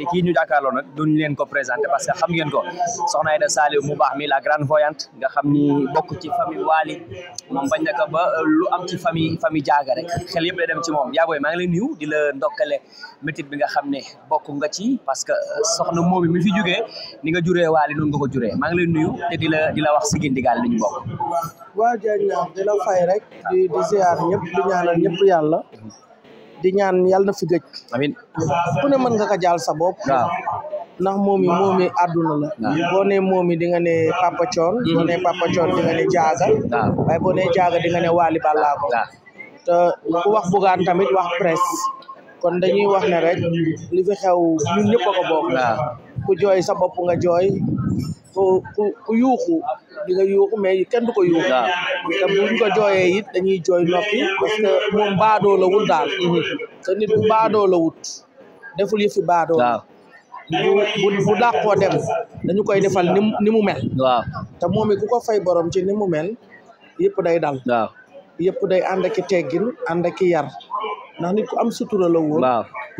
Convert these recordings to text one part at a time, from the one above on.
te kii ñu jàkkaarloo nag duñ leen ko présenté parce que xam ngeen ko soxna Aida Saliou mu baax mi la grande voyante nga xam ni bokk ci famille Waly moom bañ naka ba euh, lu am ci famille famille jaaga rek xel yëpp day dem ci moom yaa booy maa ngi lay nuyu di la ndokkale métit bi nga xam ne bokk nga ci parce que euh, soxna moomi mi fi jugee ni nga juree Waly noonu nga ko juree maa ngi lay nuyu te di di la wax si gindigaal li bokk waaw jërëjëf di la fay rek di di ziar ñëpp yàlla di ñaan yàlla na fi gëj amiin ku ne mën nga ko jaal sa bopp waaw ndax moom yi moom yi àdduna la boo ne moom yi di nga ne Papa Thione mhm. boo ne Papa Thione di nga ne Jaaga waaye boo Jaaga di ne Waly Ballago te ku wax bugaan tamit wax presse kon dañuy wax ne rek li fi xew ñun ñëpp ko bokk ku jooy sa bopp nga jooy ku ku yuuxu di nga yuuxu mais kenn du ko yuuxu te buñ ko jooyee it dañuy jooy noppi parce que moom baadoo wut daal te nit bu baadoo wut deful yëfi baadoo bu bu dàqoo dem dañu koy defal ni mu ni mu mel waaw te moom it ku ko fay boroom ci ni mu mel yëpp day dal yëpp day ànd ak i teggin ànd ak i yar ndax nit ku am sutura la woon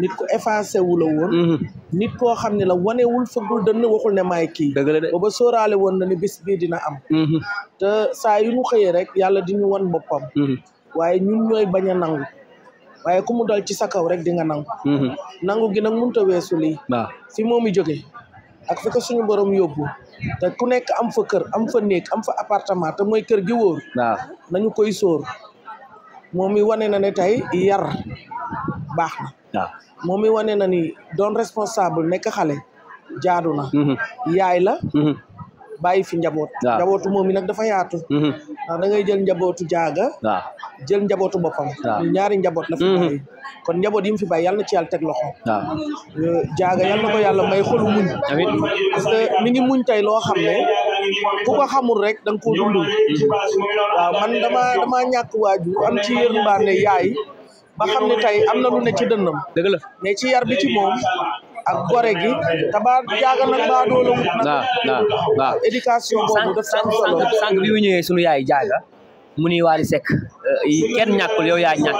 nit ko effacé wu la woon mm-hmm. nit koo xam ne la wanewul fëggul dënn waxul ne maay kii ba soraale woon na ne bis bii dina am mm-hmm. te saa yu ñu xëyee rek yàlla di ñu wan boppam mm-hmm. waaye ñun ñooy bañ a nangu waaye ku mu dal ci sa kaw rek di nga nangu nangu gi nag mënut a weesu lii waaw fi moom i joge ak fi suñu borom yóbbu te ku nekk am fa kër am fa néeg am fa appartement te mooy kër gi wóor waaw nañu koy sóor moom i wane na ne tey yar baax na waaw moom wane na ni doon responsable nekk xale jaadu na mhm. yaay la mhm. bàyyi fi njaboot njabootu moom mi nag dafa yaatu mhm. ndax da jël njabootu jaaga waaw jël njabootu boppam ñaari njaboot la fi bàyyi kon njaboot yi mu fi bàyyi yàlla ci yàlla teg loxo waaw euh, jaaga yàlla na ko yàlla may xolu muñ parce que mi ngi muñ tey loo xam ne ku ko rek da nga koo waaw man dama dama ñàkk am ci yërmande yaay ba xam ne tey am na lu ne ci dënnam dëgg la mais ci yar bi ci moom ak gore gi te ba jaaga nag baa doolu waaw waaw waaw éducation boobu bi mu ñëwee suñu yaay jaaga mu ni Wally sek eh, kenn ñàkkul yow yaa ñàkk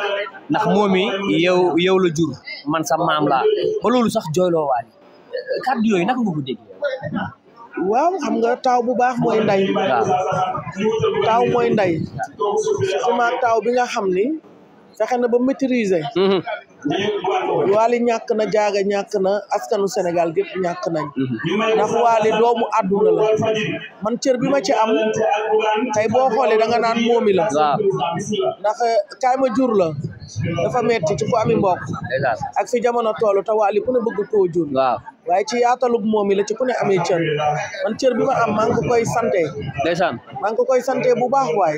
ndax moom i yow yow la jur man sa maam laa ba loolu sax jooyloo Wally eh, kàddu yooyu naka nga ko dégg waaw xam nga taw bu baax mooy nday taaw mooy nday surtout taaw bi nga xam ni fexe na ba maîtriser. Mhm. waali ñàkk na jaaga ñàkk na askanu Sénégal gépp ñàkk nañ mhm. ndax waali doomu àdduna la man cër bi ma ci am tey boo xoolee da nga naan moomi la ndax eh, kaay ma jur la dafa metti ci ku ami mbokk ak fi jamono toolu te waali ku ne bëgg koo jur waaye ci yaatalub moomi la ci ku ne amee cër man cër bi ma am maa ngi ko koy sante ndeysaan maa ngi ko koy sante bu baax waay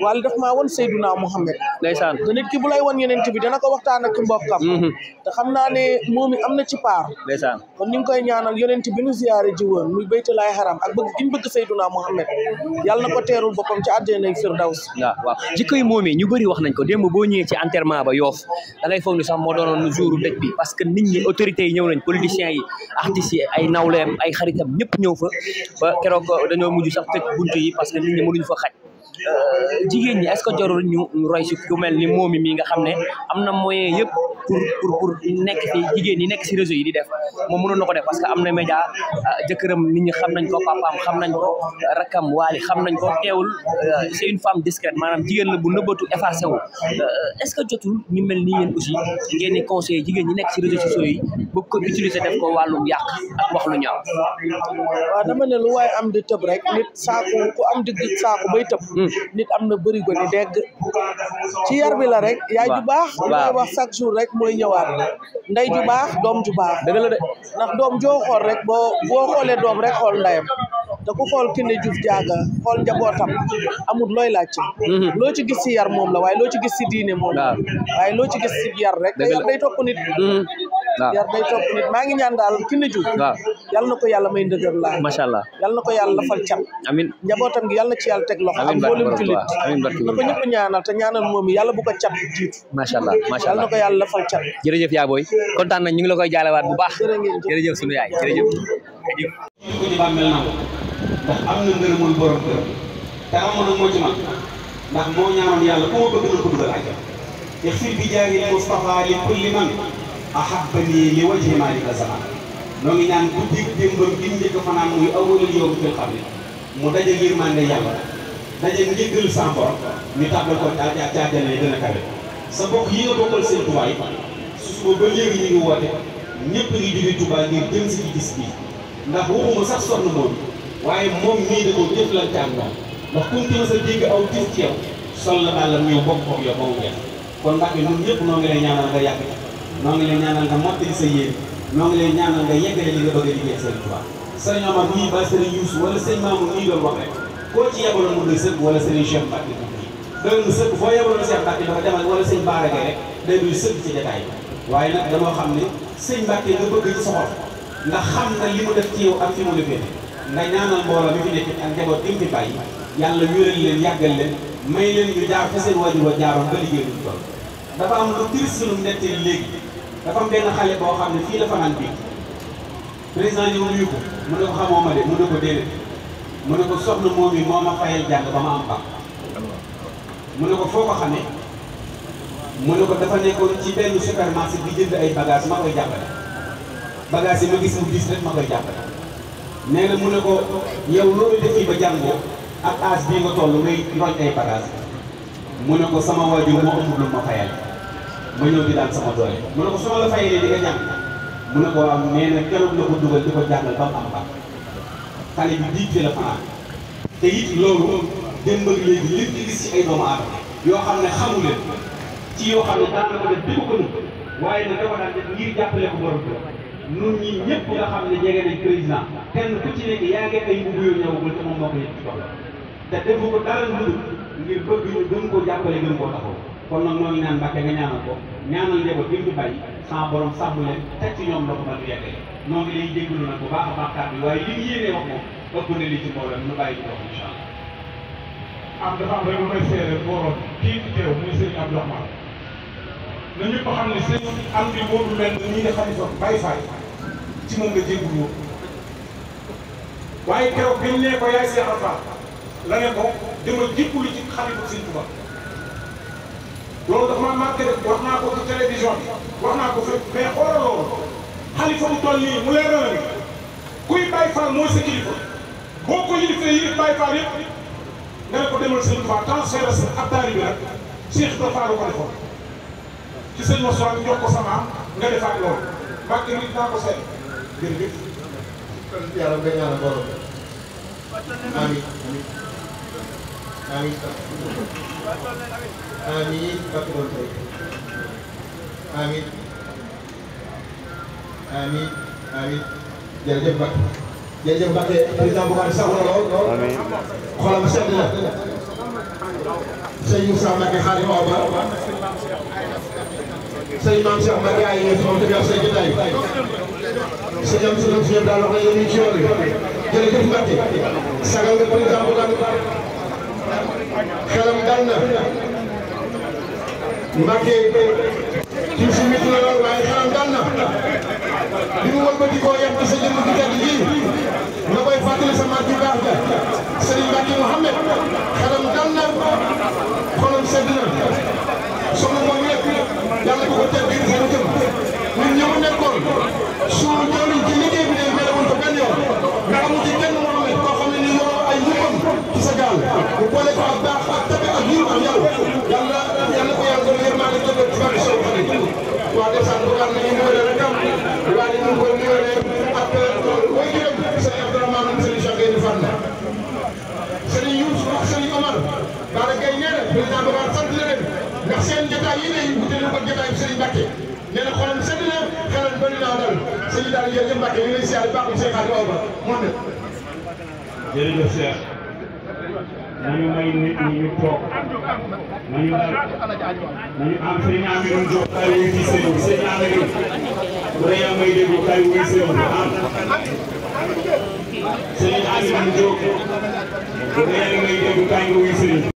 wala def maa wan Seydouna Mouhamed ndeysaan te nit ki bu lay wan yeneen bi dana ko waxtaan ak mbokkam mhm. te xam naa ne moom it am na ci paar ndeysaan kon ñu ngi koy ñaanal yeneen bi nu ziyaare ji woon muy baytulaay xaram ak bëgg gi ñu bëgg Seydouna Mouhamed yàlla na ko teerul boppam ci àjjana firdaws waaw waaw jikko yi moomee ñu bëri wax nañ ko démb boo ñëwee ci enterrement ba yoof da ngay foog ni sax moo doonoon jouru dëj bi parce que nit ñi autorités yi ñëw nañ politiciens yi a yi ay nawleem ay xaritam ñëpp ñëw fa ba keroog dañoo mujj sax tëj buntu yi parce que jigéen ñi est-ce que jarul ñu roy si ku mel ni moomi mii nga xam ne am na moyen yëpp pour pour nekk fi ñi nekk si réseau yi di def moom mënoon na ko def parce que am na média ah, jëkkëram nit ñi xam nañ ko papaam xam nañ ko rakkam waali xam nañ ko teewul euh, c'est une femme discrète maanaam jigéen la bu nëbbatu effacé wu euh, est-ce que jotul ñu mel ni yéen aussi ngeen di jigéen ñi nekk si réseaux sociaux yi bëgg ko utiliser def ko wàllum yàq ak wax lu ñaaw waaw dama ne lu waaye am di nit am na bërigo di dégg ci yar bi la rek yaay ju baax may wax chaque jour rek mooy ñëwaat ndey ju baax doom ju baax dëgg la de ndax doom joo rek boo boo xoolee doom rek xool ndeyam te ku xool Kine Diouf Diaga xool njabootam amul looy laajte mhm. loo ci gis ci yar moom la waaye loo ci gis ci diine moom la waaye loo ci gis ci yar rek day topp nit mhm. yar maa ngi ñaan daal ki a ju waaw yal na ko yàlla may ndëgër laa macha allah yal na ko yàlla lafal cat amin njabootam gi yal na ci yàlla teg loxo ak mboolem jullit na ko ñëpp ñaanal te ñaanal yàlla bu ko cat jiitu macha allah macha allah yal na ko yàlla lafal cat jërëjëf yaa la koy jaalewaat baax jërëjëf sunu yaay ma bëgg na ahabbani li wajhi maalika zaman noo ngi ñaan guddi démbam gi njëkk fanaan muy awwalul yawm fil qabri mu daje yërmande yàlla daje njëggal sa borom ñu tàbbal ko ca ca ca àjjana yi dana kawe sa bokk yi nga bokkal seen tubaay su suba ba léegi ñu ngi woote ñëpp ngi jóge Tuubaa ngir jëm si ci gis bii ndax waxuma sax sonn moom waaye moom mii da ko jëflante ak moom ndax kunti ma sa dégg aw gis ci sol la dàllam ñëw bokk koog noo ngi ñaanal nga mottali sa yéen noo ngi ñaanal nga yeggale li nga bëgg a liggéey Sëriñ Tuubaa sëriñ Omar mii ba sëriñ Youssou wala sëriñ Mamour mii doon wax rek koo ci yebaloon mu doy sëkk wala sëriñ Cheikh Mbacke doy na sëkk foo yebaloon Cheikh Mbacke dafa demal wala sëriñ Baara Gaye rek bi waaye nag xam ne sëriñ Mbacke nga bëgg ci sa xol ndax xam nga li mu def ci yow fi mu la féete nga ñaanal mbooloo mi fi nekk ak njaboot wéral leen yàggal leen may leen ñu jaar fa seen wajur wa jaaroon ba liggéey luñ toll dafa am lu triste lu mu nettee léegi dafa am benn xale boo xam ne fii la fanaan bi président ñëw nuyu ko ko xamoo ma de mun na ko déedéet mun na ko soxna moom yi moo ma fayal jàng ba ma am baax mun na ko foo ko xamee mun na ko dafa nekkoon ci benn supermarché bi jënd ay bagages ma koy jàppale bagages yi ma gis mu gis rek ma koy jàppale nee na mun na ko yow loolu defi ba jàngoo ak âge bii nga toll ngay roñ ay bagages mun na ko sama waajur moo amul lu ma fayal ma ñëw di daan sama doole mu ne ko su ma la fayee na ko dugal di ko jàngal ba mu am ba ci yoo xam ne xamu leen ci yoo na ko def di ko nu waaye nag dafa daan def ngir jàppale ko borom bi nun ñi ñëpp nga xam ne jege nañ président kenn ku ci nekk yaa ngi ay mbubu yoo ñëwagul te moom moo ko yëg ci boppam te defu ko dara lu ngir bëgg ñu gën koo jàppale gën koo taxaw kon nag ñoo ngi naan Mbàkke nga ñaanal ko ñaanal njaboot bi mu bàyyi sans borom sàmm leen teg ci ñoom ndox ba du yeggee ñoo ngi lay jégalu nag bu baax a baax kàddu waaye li ñu yéenee wax moom ëpp na li ci mbooloo ñu bàyyi ko incha allah. am dafa am rek lu may seede mbooloo kii fi teew muy sëñ Abdourahmane na ñëpp xam ne sëñ am bi boobu mel ni ñuy def ay sox bàyyi faay ci moom la jégalu waaye keroog biñ ne ko yaay Seex Alfa la ne ko demal jégalu ci xalifa sëñ Tuubaa loolu dafa maa marqué rek wax naa ko ci télévision bi wax naa ko fépp mais xoolal loolu xalifa bu toll nii mu leer na kuy Baye Fall mooy sa kilifa boo ko yilifee yilif Baye Fall yëpp nga ne ko demal sëñ Tuubaa transféré sa ab taali bi nag Cheikh Ibra Fall ko defoon ci sëñ Moussa ñu jox ko sama am nga defaat loolu mbàkk naa ko seet amin amin patron tay amin amin amin jërëjëf Mbacke jërëjëf Mbacke président Bougane sax na lool lool xolam sedd na sëñ Moussa Mbacke xaar ma ba sëñ Mame Cheikh Mbacke ay ñëw moom tamit ak sëñ jotaay sëñ am suñu suñu daal wax na yéen ñu ci yoon bi jërëjëf Mbacke sagal nga président Bougane xelam dal na Mbacke kii si métti na waaye xelam dal na bi mu wëlbati koo yàq sa jëmm gi tedd ji nga koy fàttali sa mag ju baax ga Serigne Mbacke Mouhamed xelam dal na xolam sedd na soxna moom yëpp yàlla ko ko tedd gi sa jëm ñun ñëw nekkoon président Bocar sant leen ndax seen jotaay yi day wute na ko jotaay bi Serigne Mbacké nee na xolam sedd na xelal bëri naa dal Serigne daal jërëjëf Mbacké ñu ngi lay siyaare baaxul Cheikh Aliou Awa Ba moom la. jërëjëf Cheikh nañu may nit ñi ñu toog nañu dal nañu am sëñ Amirou Diop kay wuy ci sëñ bi sëñ Amirou bu dee yaa may déglu kay wuy sëñ bi am sëñ Amirou Diop bu dee yaa may déglu kay wuy sëñ